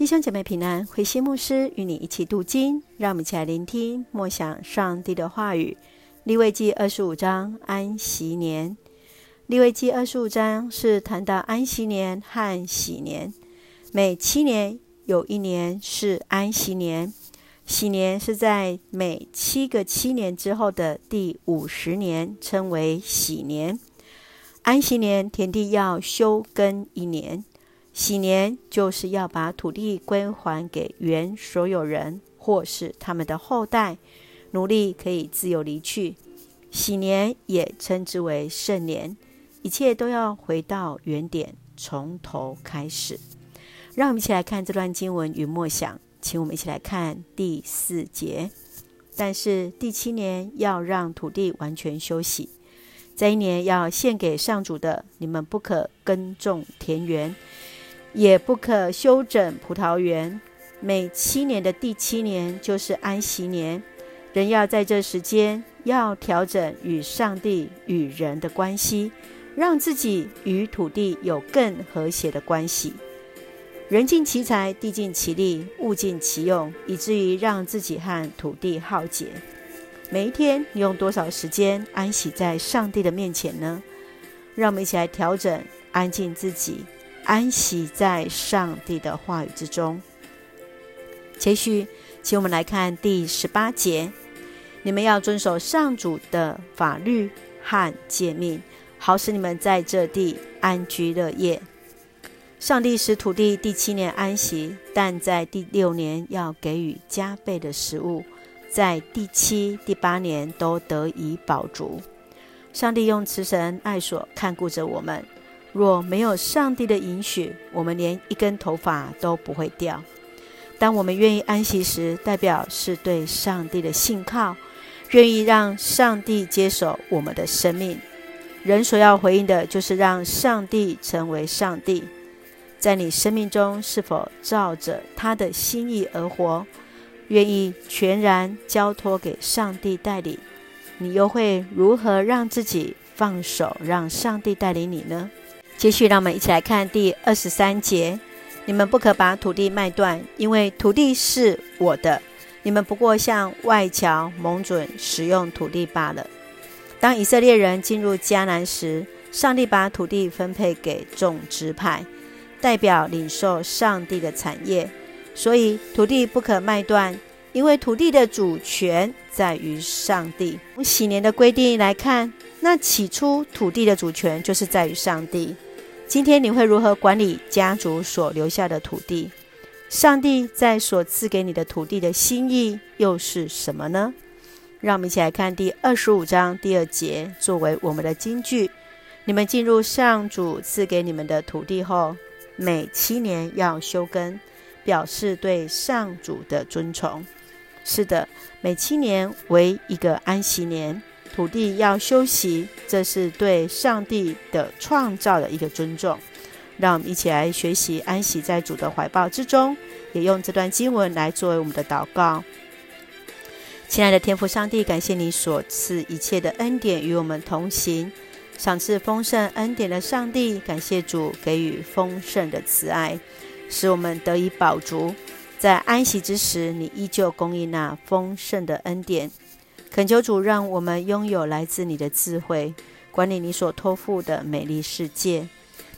弟兄姐妹平安，慧馨牧師與你一起讀經，讓我們一起來聆聽默想上帝的話語。利未記二十五章安息年。利未記二十五章是談到安息年和禧年，每七年有一年是安息年，禧年是在每七個七年之後的第五十年，稱為禧年。安息年田地要休耕一年。禧年就是要把土地歸還給原所有人或是他們的後代，奴隸可以自由離去。禧年也稱之為聖年，一切都要回到原點，從頭開始。讓我們一起來看這段經文與默想，請我們一起來看第四節。但是第七年要讓土地完全休息，這一年要獻給上主的，你們不可耕種田園。也不可修整葡萄園。每七年的第七年就是安息年，人要在這時間要調整與上帝與人的關係，讓自己與土地有更和諧的關係。人盡其才，地盡其力，物盡其用，以至於讓自己和土地耗竭。每一天你用多少時間安息在上帝的面前呢？讓我們一起來調整，安靜自己。安息在上帝的話語之中。接着，請我們來看第十八節：你們要遵守上主的法律和誡命，好使你們在這地安居樂業。上帝使土地第七年安息，但在第六年要給予加倍的食物，在第七、第八年都得以飽足。上帝用慈繩愛索看顧着我們。若沒有上帝的允許，我們連一根頭髮都不會掉。當我們願意安息時，代表是對上帝的信靠，願意讓上帝接手我們的生命。人所要回應的就是讓上帝成為上帝。在你生命中，是否照着他的心意而活？願意全然交託給上帝帶領，你又會如何讓自己放手，讓上帝帶領你呢？繼續，讓我們一起來看第二十三節。你們不可把土地賣斷，因為土地是我的。你們不過像外僑蒙准使用土地罷了。當以色列人進入迦南時，上帝把土地分配給眾支派，代表領受上帝的產業。所以土地不可賣斷，因為土地的主權在於上帝。從禧年的規定來看，那起初土地的主權就是在於上帝。今天你會如何管理家族所留下的土地？上帝在所賜給你的土地的心意又是什麼呢？讓我們一起來看第二十五章第二節作為我們的金句：你們進入上主賜給你們的土地後，每七年要休耕，表示對上主的尊崇。是的，每七年為一個安息年。土地要休息，這是對上帝的創造的一個尊重。讓我們一起來學習安息在主的懷抱之中，也用這段經文來作為我們的禱告。親愛的天父上帝，感謝你所賜一切的恩典與我們同行，賞賜豐盛恩典的上帝，感謝主給予豐盛的慈愛，使我們得以飽足。在安息之時，你依舊供應那豐盛的恩典。懇求主，讓我們擁有來自你的智慧，管理你所託付的美麗世界，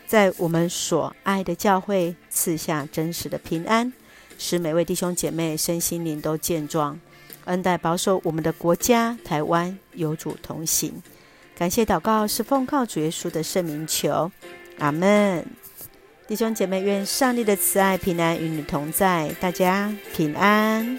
在我們所愛的教會賜下真實的平安，使每位弟兄姐妹身心靈都健壯，恩待保守我們的國家台灣，有主同行。感謝禱告是奉靠主耶穌的聖名求，阿門。弟兄姐妹，願上帝的慈愛平安與你同在，大家平安。